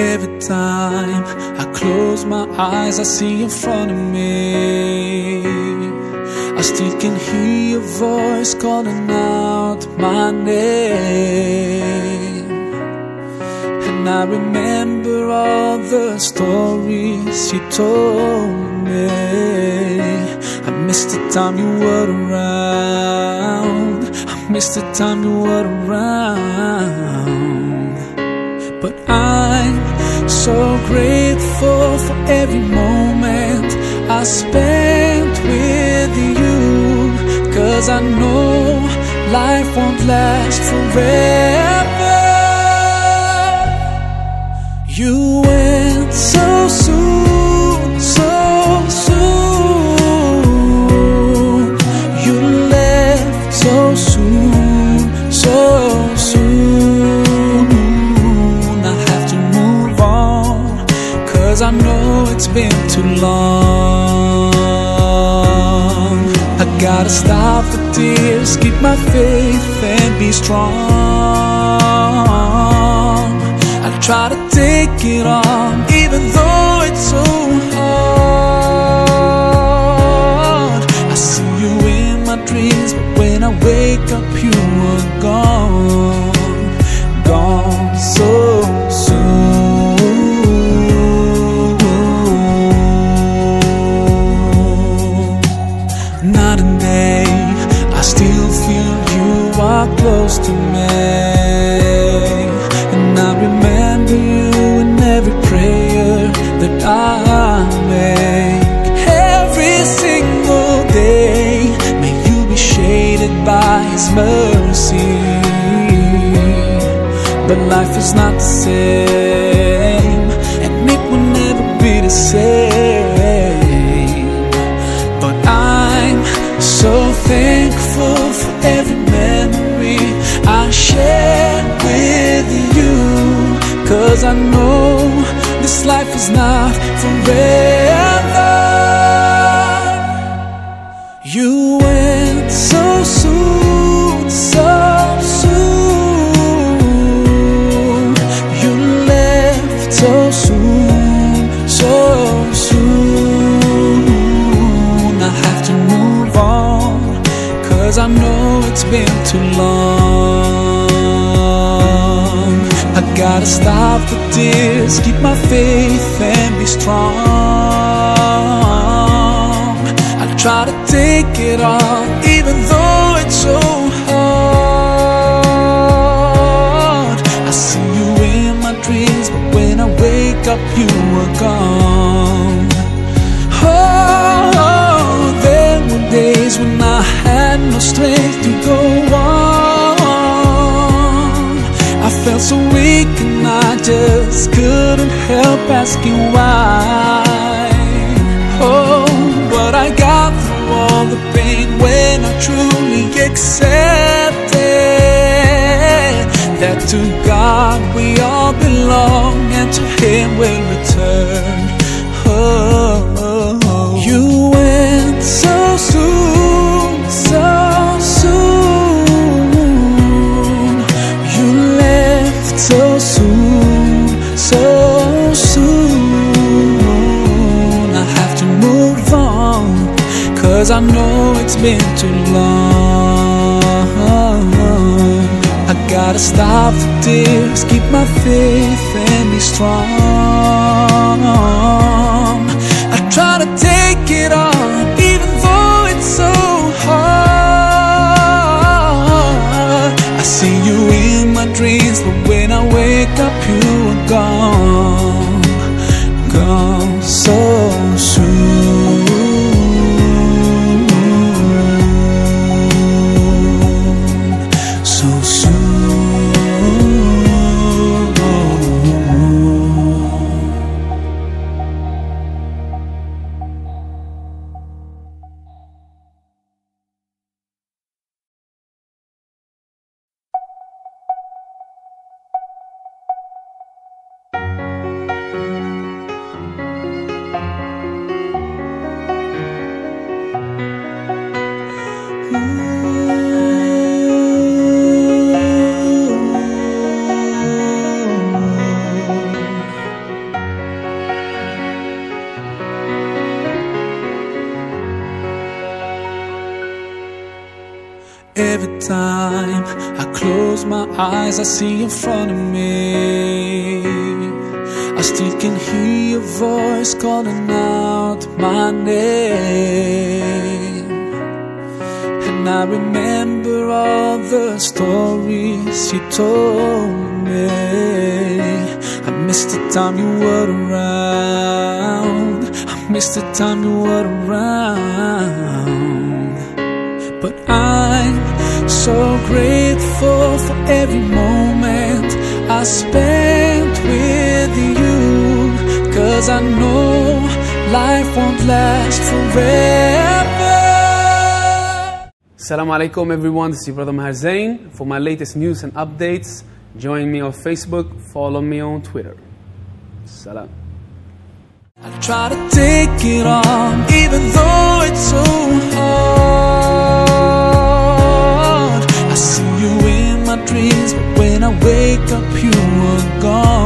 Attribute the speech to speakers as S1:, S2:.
S1: Every time I close my eyes, I see in front of me. I still can hear your voice calling out my name. And I remember all the stories you told me. I miss the time you were around. I miss the time you were around. So grateful for every moment I spent with you. Cause I know life won't last forever. You went so soon. long. I gotta stop the tears, keep my faith and be strong. I try to take it on, even though. life is not the same, and it will never be the same. But I'm so thankful for every memory I shared with you, cause I know this life is not forever. it's been too long. I gotta stop the tears, keep my faith and be strong. I try to take it all, even though it's so hard. I see you in my dreams, but when I wake up, you are gone. Oh, there were days when I had no strength. help asking why. Oh, what I got through all the pain when I truly accepted that to God we all belong and to Him we'll Cause I know it's been too long I gotta stop the tears Keep my faith and be strong I try to take it on Even though it's so hard I see you in my dreams But when I wake up you are gone Gone so every time I close my eyes, I see in front of me. I still can hear your voice calling out my name. And I remember all the stories you told me. I miss the time you were around. I miss the time you were around. every moment I spent with you. Cause I know life won't last forever. Assalamu alaikum everyone, this is Brother Maher Zain. For my latest news and updates, join me on Facebook, follow me on Twitter. Salam. I try to take it all up you were gone